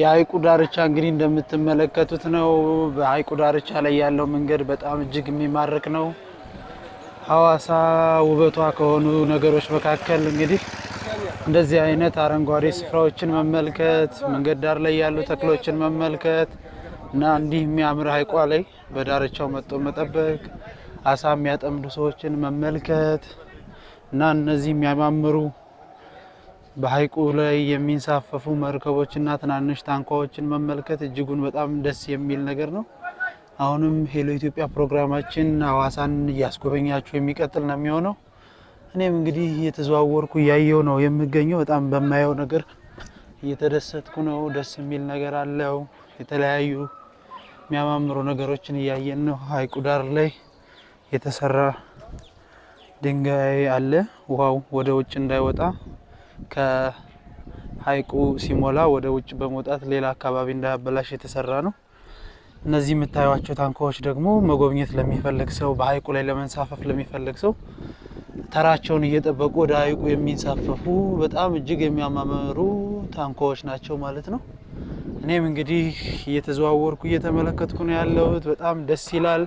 የሀይቁ ዳርቻ እንግዲህ እንደምትመለከቱት ነው። በሀይቁ ዳርቻ ላይ ያለው መንገድ በጣም እጅግ የሚማርክ ነው። ሀዋሳ ውበቷ ከሆኑ ነገሮች መካከል እንግዲህ እንደዚህ አይነት አረንጓዴ ስፍራዎችን መመልከት፣ መንገድ ዳር ላይ ያሉ ተክሎችን መመልከት እና እንዲህ የሚያምር ሀይቋ ላይ በዳርቻው መጥቶ መጠበቅ፣ አሳ የሚያጠምዱ ሰዎችን መመልከት እና እነዚህ የሚያማምሩ በሐይቁ ላይ የሚንሳፈፉ መርከቦችና ትናንሽ ታንኳዎችን መመልከት እጅጉን በጣም ደስ የሚል ነገር ነው። አሁንም ሄሎ ኢትዮጵያ ፕሮግራማችን ሀዋሳን እያስጎበኛችሁ የሚቀጥል ነው የሚሆነው። እኔም እንግዲህ እየተዘዋወርኩ እያየው ነው የምገኘው። በጣም በማየው ነገር እየተደሰትኩ ነው። ደስ የሚል ነገር አለው። የተለያዩ የሚያማምሩ ነገሮችን እያየን ነው። ሐይቁ ዳር ላይ የተሰራ ድንጋይ አለ። ውሃው ወደ ውጭ እንዳይወጣ ከሀይቁ ሲሞላ ወደ ውጭ በመውጣት ሌላ አካባቢ እንዳያበላሽ የተሰራ ነው። እነዚህ የምታዩቸው ታንኳዎች ደግሞ መጎብኘት ለሚፈልግ ሰው በሀይቁ ላይ ለመንሳፈፍ ለሚፈልግ ሰው ተራቸውን እየጠበቁ ወደ ሀይቁ የሚንሳፈፉ በጣም እጅግ የሚያማምሩ ታንኳዎች ናቸው ማለት ነው። እኔም እንግዲህ እየተዘዋወርኩ እየተመለከትኩ ነው ያለሁት። በጣም ደስ ይላል።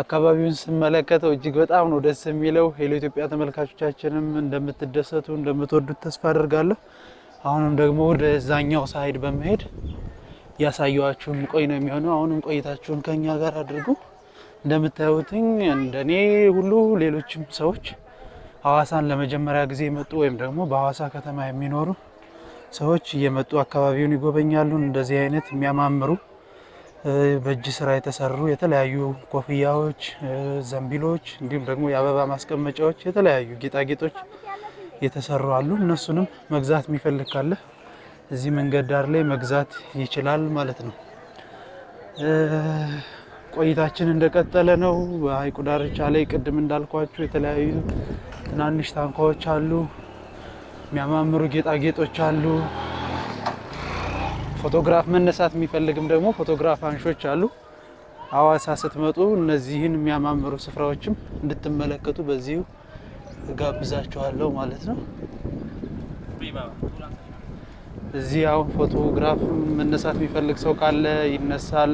አካባቢውን ስመለከተው እጅግ በጣም ነው ደስ የሚለው። ሄሎ ኢትዮጵያ ተመልካቾቻችንም እንደምትደሰቱ እንደምትወዱት ተስፋ አድርጋለሁ። አሁንም ደግሞ ወደዛኛው ሳይድ በመሄድ ያሳየዋችሁን ቆይ ነው የሚሆነው። አሁንም ቆይታችሁን ከኛ ጋር አድርጉ። እንደምታዩትኝ እንደኔ ሁሉ ሌሎችም ሰዎች ሀዋሳን ለመጀመሪያ ጊዜ የመጡ ወይም ደግሞ በሀዋሳ ከተማ የሚኖሩ ሰዎች እየመጡ አካባቢውን ይጎበኛሉ። እንደዚህ አይነት የሚያማምሩ በእጅ ስራ የተሰሩ የተለያዩ ኮፍያዎች፣ ዘንቢሎች እንዲሁም ደግሞ የአበባ ማስቀመጫዎች፣ የተለያዩ ጌጣጌጦች የተሰሩ አሉ። እነሱንም መግዛት የሚፈልግ ካለ እዚህ መንገድ ዳር ላይ መግዛት ይችላል ማለት ነው። ቆይታችን እንደቀጠለ ነው። በሀይቁ ዳርቻ ላይ ቅድም እንዳልኳችሁ የተለያዩ ትናንሽ ታንኳዎች አሉ። የሚያማምሩ ጌጣጌጦች አሉ። ፎቶግራፍ መነሳት የሚፈልግም ደግሞ ፎቶግራፍ አንሾች አሉ። ሀዋሳ ስትመጡ እነዚህን የሚያማምሩ ስፍራዎችም እንድትመለከቱ በዚሁ እጋብዛችኋለሁ ማለት ነው። እዚህ አሁን ፎቶግራፍ መነሳት የሚፈልግ ሰው ካለ ይነሳል።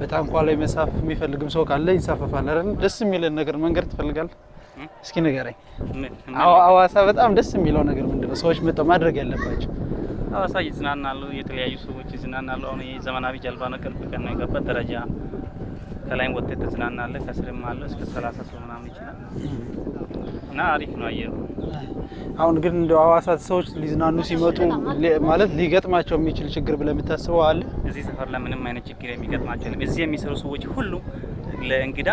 በታንኳ ላይ መሳፍ የሚፈልግም ሰው ካለ ይንሳፈፋል። አይደል? ደስ የሚልን ነገር መንገድ ትፈልጋል። እስኪ ንገረኝ። ሀዋሳ በጣም ደስ የሚለው ነገር ምንድነው? ሰዎች መጠው ማድረግ ያለባቸው ሀዋሳ ይዝናናሉ፣ የተለያዩ ሰዎች ይዝናናሉ። አሁን ይህ ዘመናዊ ጀልባ ነው። ቅርብ ቀን ነው የገባት ደረጃ ከላይም ወጥተህ ትዝናናለህ። ከስርም አለ እስከ ሰላሳ ሰው ምናምን ይችላል እና አሪፍ ነው አየሩ። አሁን ግን እንደ ሀዋሳ ሰዎች ሊዝናኑ ሲመጡ ማለት ሊገጥማቸው የሚችል ችግር ብለህ የምታስበው አለ? እዚህ ሰፈር ለምንም አይነት ችግር የሚገጥማቸው እዚህ የሚሰሩ ሰዎች ሁሉ ለእንግዳ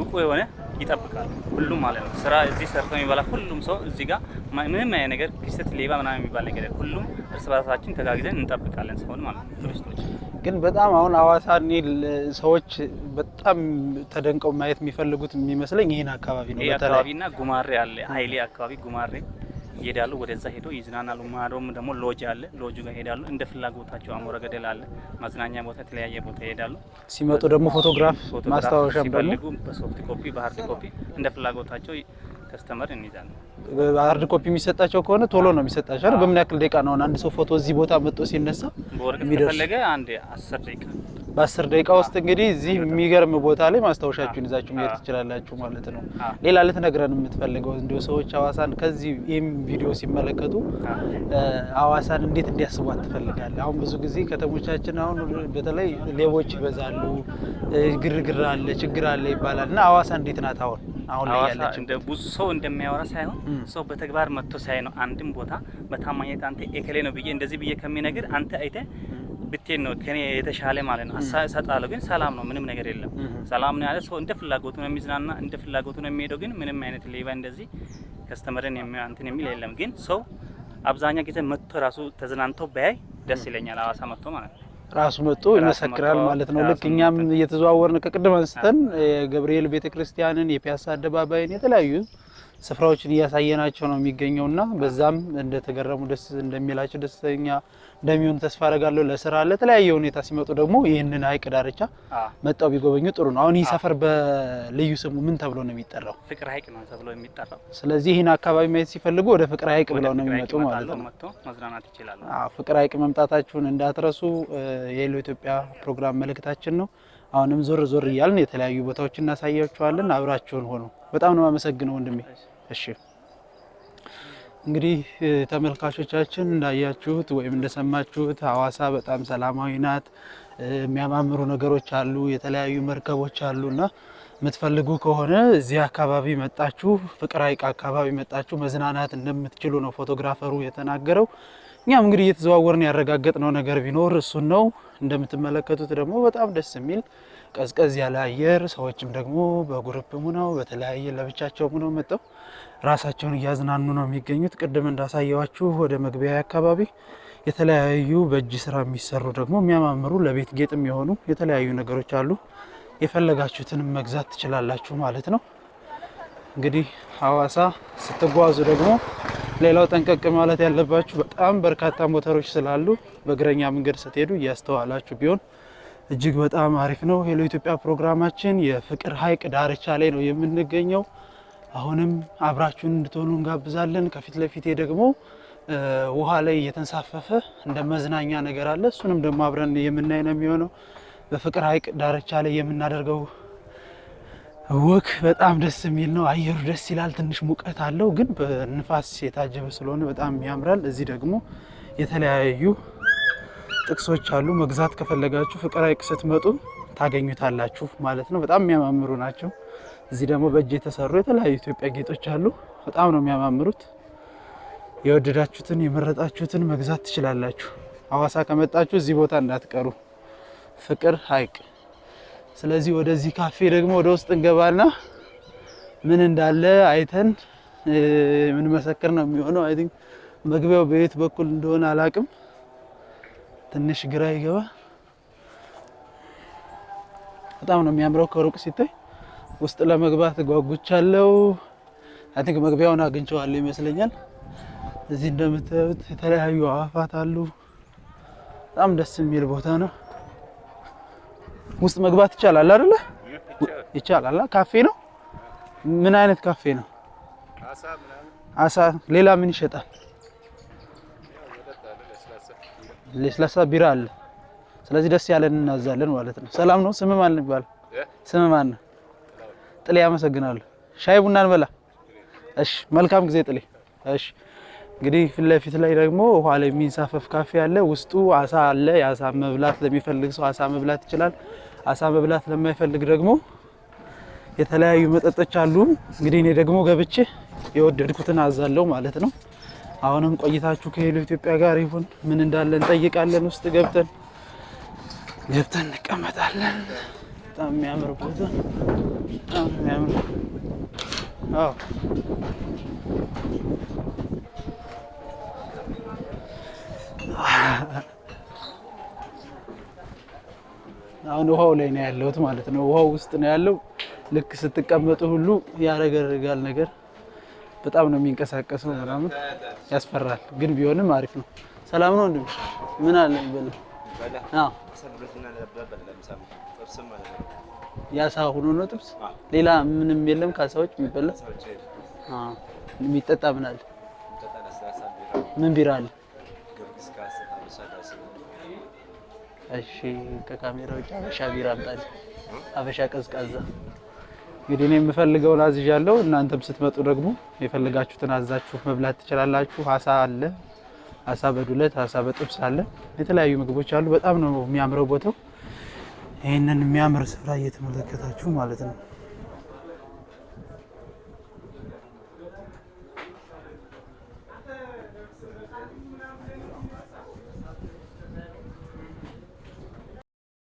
ብቁ የሆነ ይጠብቃል። ሁሉም ማለት ነው ስራ እዚህ ሰርቶ የሚበላ ሁሉም ሰው እዚህ ጋር ምንም አይነት ነገር ክስተት፣ ሌባ ምናምን የሚባል ነገር ሁሉም እርስ በራሳችን ተጋግዘን እንጠብቃለን። ሰውን ማለት ነው ቱሪስቶች ግን በጣም አሁን አዋሳ እኔ ሰዎች በጣም ተደንቀው ማየት የሚፈልጉት የሚመስለኝ ይህን አካባቢ ነው። በተለይ አካባቢና ጉማሬ አለ ሀይሌ አካባቢ ጉማሬ ይሄዳሉ። ወደዛ ሄዶ ይዝናናሉ። ማዶም ደግሞ ሎጅ አለ። ሎጁ ጋር ይሄዳሉ። እንደ ፍላጎታቸው አሞረ ገደል አለ፣ መዝናኛ ቦታ፣ የተለያየ ቦታ ይሄዳሉ። ሲመጡ ደግሞ ፎቶግራፍ ማስታወሻ ሲፈልጉ በሶፍት ኮፒ፣ በሀርድ ኮፒ እንደ ፍላጎታቸው ከስተመር እንይዛለን። ሀርድ ኮፒ የሚሰጣቸው ከሆነ ቶሎ ነው የሚሰጣቸው። በምን ያክል ደቂቃ ነው አንድ ሰው ፎቶ እዚህ ቦታ መጥቶ ሲነሳ? በወረቀት ከፈለገ አንድ አስር ደቂቃ በአስር ደቂቃ ውስጥ እንግዲህ እዚህ የሚገርም ቦታ ላይ ማስታወሻችሁን ይዛችሁ መሄድ ትችላላችሁ ማለት ነው። ሌላ ልትነግረን የምትፈልገው እንዲ ሰዎች ሀዋሳን ከዚህ ይህም ቪዲዮ ሲመለከቱ ሀዋሳን እንዴት እንዲያስቧት ትፈልጋለ? አሁን ብዙ ጊዜ ከተሞቻችን አሁን በተለይ ሌቦች ይበዛሉ፣ ግርግር አለ፣ ችግር አለ ይባላል እና ሀዋሳ እንዴት ናት አሁን? አሁን ላይ ያለች እንደ ብዙ ሰው እንደሚያወራ ሳይሆን ሰው በተግባር መጥቶ ሳይ ነው። አንድም ቦታ በታማኝነት አንተ ኤከሌ ነው ብዬ እንደዚህ ብዬ ከሚነግር አንተ አይተህ ብቴን ነው ከኔ የተሻለ ማለት ነው እሰጣለሁ። ግን ሰላም ነው፣ ምንም ነገር የለም። ሰላም ነው ያለ ሰው እንደ ፍላጎቱ ነው የሚዝናና፣ እንደ ፍላጎቱ ነው የሚሄደው። ግን ምንም አይነት ሌባ እንደዚህ ከስተመርን እንትን የሚል የለም። ግን ሰው አብዛኛው ጊዜ መጥቶ ራሱ ተዝናንተው በያይ ደስ ይለኛል። አዋሳ መጥቶ ማለት ነው ራሱ መጥቶ ይመሰክራል ማለት ነው። ልክ እኛም እየተዘዋወርን ከቅድም አንስተን የገብርኤል ቤተክርስቲያንን፣ የፒያሳ አደባባይን የተለያዩ ስፍራዎችን እያሳየናቸው ነው የሚገኘው እና በዛም እንደተገረሙ ደስ እንደሚላቸው ደስተኛ እንደሚሆኑ ተስፋ አረጋለሁ። ለስራ ለተለያየ ሁኔታ ሲመጡ ደግሞ ይህንን ሀይቅ ዳርቻ መጣው ቢጎበኙ ጥሩ ነው። አሁን ይህ ሰፈር በልዩ ስሙ ምን ተብሎ ነው የሚጠራው? ፍቅር ሀይቅ ነው ተብሎ የሚጠራው። ስለዚህ ይህን አካባቢ ማየት ሲፈልጉ ወደ ፍቅር ሀይቅ ብለው ነው የሚመጡ ማለት ነው። መዝናናት ይችላሉ። ፍቅር ሀይቅ መምጣታችሁን እንዳትረሱ የሌሎ ኢትዮጵያ ፕሮግራም መልእክታችን ነው። አሁንም ዞር ዞር እያልን የተለያዩ ቦታዎች እናሳያችኋለን። አብራችሁን ሆኖ በጣም ነው አመሰግነው ወንድሜ። እሺ እንግዲህ ተመልካቾቻችን እንዳያችሁት ወይም እንደሰማችሁት ሀዋሳ በጣም ሰላማዊ ናት። የሚያማምሩ ነገሮች አሉ፣ የተለያዩ መርከቦች አሉ እና የምትፈልጉ ከሆነ እዚህ አካባቢ መጣችሁ፣ ፍቅር ሐይቅ አካባቢ መጣችሁ መዝናናት እንደምትችሉ ነው ፎቶግራፈሩ የተናገረው። እኛም እንግዲህ እየተዘዋወርን ያረጋገጥነው ነገር ቢኖር እሱን ነው። እንደምትመለከቱት ደግሞ በጣም ደስ የሚል ቀዝቀዝ ያለ አየር፣ ሰዎችም ደግሞ በጉርፕም ነው በተለያየ ለብቻቸውም ነው መጠው ራሳቸውን እያዝናኑ ነው የሚገኙት። ቅድም እንዳሳየዋችሁ ወደ መግቢያ አካባቢ የተለያዩ በእጅ ስራ የሚሰሩ ደግሞ የሚያማምሩ ለቤት ጌጥም የሆኑ የተለያዩ ነገሮች አሉ። የፈለጋችሁትንም መግዛት ትችላላችሁ ማለት ነው። እንግዲህ ሀዋሳ ስትጓዙ ደግሞ ሌላው ጠንቀቅ ማለት ያለባችሁ በጣም በርካታ ሞተሮች ስላሉ በእግረኛ መንገድ ስትሄዱ እያስተዋላችሁ ቢሆን እጅግ በጣም አሪፍ ነው። ሄሎ ኢትዮጵያ ፕሮግራማችን የፍቅር ሐይቅ ዳርቻ ላይ ነው የምንገኘው። አሁንም አብራችሁን እንድትሆኑ እንጋብዛለን። ከፊት ለፊቴ ደግሞ ውሃ ላይ እየተንሳፈፈ እንደ መዝናኛ ነገር አለ። እሱንም ደግሞ አብረን የምናይ ነው የሚሆነው። በፍቅር ሐይቅ ዳርቻ ላይ የምናደርገው ወክ በጣም ደስ የሚል ነው። አየሩ ደስ ይላል። ትንሽ ሙቀት አለው ግን በንፋስ የታጀበ ስለሆነ በጣም ያምራል። እዚህ ደግሞ የተለያዩ ጥቅሶች አሉ። መግዛት ከፈለጋችሁ ፍቅር ቅስት ስትመጡ ታገኙታላችሁ ማለት ነው። በጣም የሚያማምሩ ናቸው። እዚህ ደግሞ በእጅ የተሰሩ የተለያዩ ኢትዮጵያ ጌጦች አሉ። በጣም ነው የሚያማምሩት። የወደዳችሁትን የመረጣችሁትን መግዛት ትችላላችሁ። ሐዋሳ ከመጣችሁ እዚህ ቦታ እንዳትቀሩ። ፍቅር ሐይቅ ስለዚህ ወደዚህ ካፌ ደግሞ ወደ ውስጥ እንገባና ምን እንዳለ አይተን የምንመሰክር ነው የሚሆነው። አይ ቲንክ መግቢያው በየት በኩል እንደሆነ አላቅም። ትንሽ ግራ ይገባ። በጣም ነው የሚያምረው ከሩቅ ሲታይ። ውስጥ ለመግባት ጓጉቻለሁ። አይ ቲንክ መግቢያውን አግኝቼዋለሁ ይመስለኛል። እዚህ እንደምታዩት የተለያዩ አዋፋት አሉ። በጣም ደስ የሚል ቦታ ነው። ውስጥ መግባት ይቻላል አይደለ? ይቻላል። ካፌ ነው። ምን አይነት ካፌ ነው? አሳ። ሌላ ምን ይሸጣል? ለስላሳ ቢራ አለ። ስለዚህ ደስ ያለን እናዛለን ማለት ነው። ሰላም ነው። ስም ማን ይባል? ስም ማን ነው? ጥሌ። አመሰግናለሁ። ሻይ ቡና እንበላ። እሺ፣ መልካም ጊዜ ጥሌ። እሺ። እንግዲህ ፊት ለፊት ላይ ደግሞ ውሃ ላይ የሚንሳፈፍ ካፌ አለ። ውስጡ አሳ አለ። የአሳ መብላት ለሚፈልግ ሰው አሳ መብላት ይችላል። አሳ መብላት ለማይፈልግ ደግሞ የተለያዩ መጠጦች አሉ። እንግዲህ እኔ ደግሞ ገብቼ የወደድኩትን አዛለው ማለት ነው። አሁንም ቆይታችሁ ከሄሎ ኢትዮጵያ ጋር ይሁን። ምን እንዳለ እንጠይቃለን። ውስጥ ገብተን ገብተን እንቀመጣለን። በጣም የሚያምር ቦታ፣ በጣም የሚያምር አዎ። አሁን ውሃው ላይ ነው ያለሁት ማለት ነው። ውሃው ውስጥ ነው ያለው። ልክ ስትቀመጡ ሁሉ ያረገርጋል ነገር በጣም ነው የሚንቀሳቀሰው ምናምን ያስፈራል፣ ግን ቢሆንም አሪፍ ነው። ሰላም ነው ወንድም፣ ምን አለ ይበል። ያሳ ሆኖ ነው ጥብስ፣ ሌላ ምንም የለም ከአሳ ውጭ የሚበላ የሚጠጣ ምን አለ? ምን ቢራ አለ? እሺ፣ ከካሜራ ውጭ አበሻ ቢራ አምጣልኝ። አበሻ ቀዝቃዛ። እንግዲህ እኔ የምፈልገውን አዝዣለሁ። እናንተም ስትመጡ ደግሞ የፈልጋችሁትን አዛችሁ መብላት ትችላላችሁ። አሳ አለ፣ አሳ በዱለት፣ አሳ በጥብስ አለ። የተለያዩ ምግቦች አሉ። በጣም ነው የሚያምረው ቦታው። ይህንን የሚያምር ስፍራ እየተመለከታችሁ ማለት ነው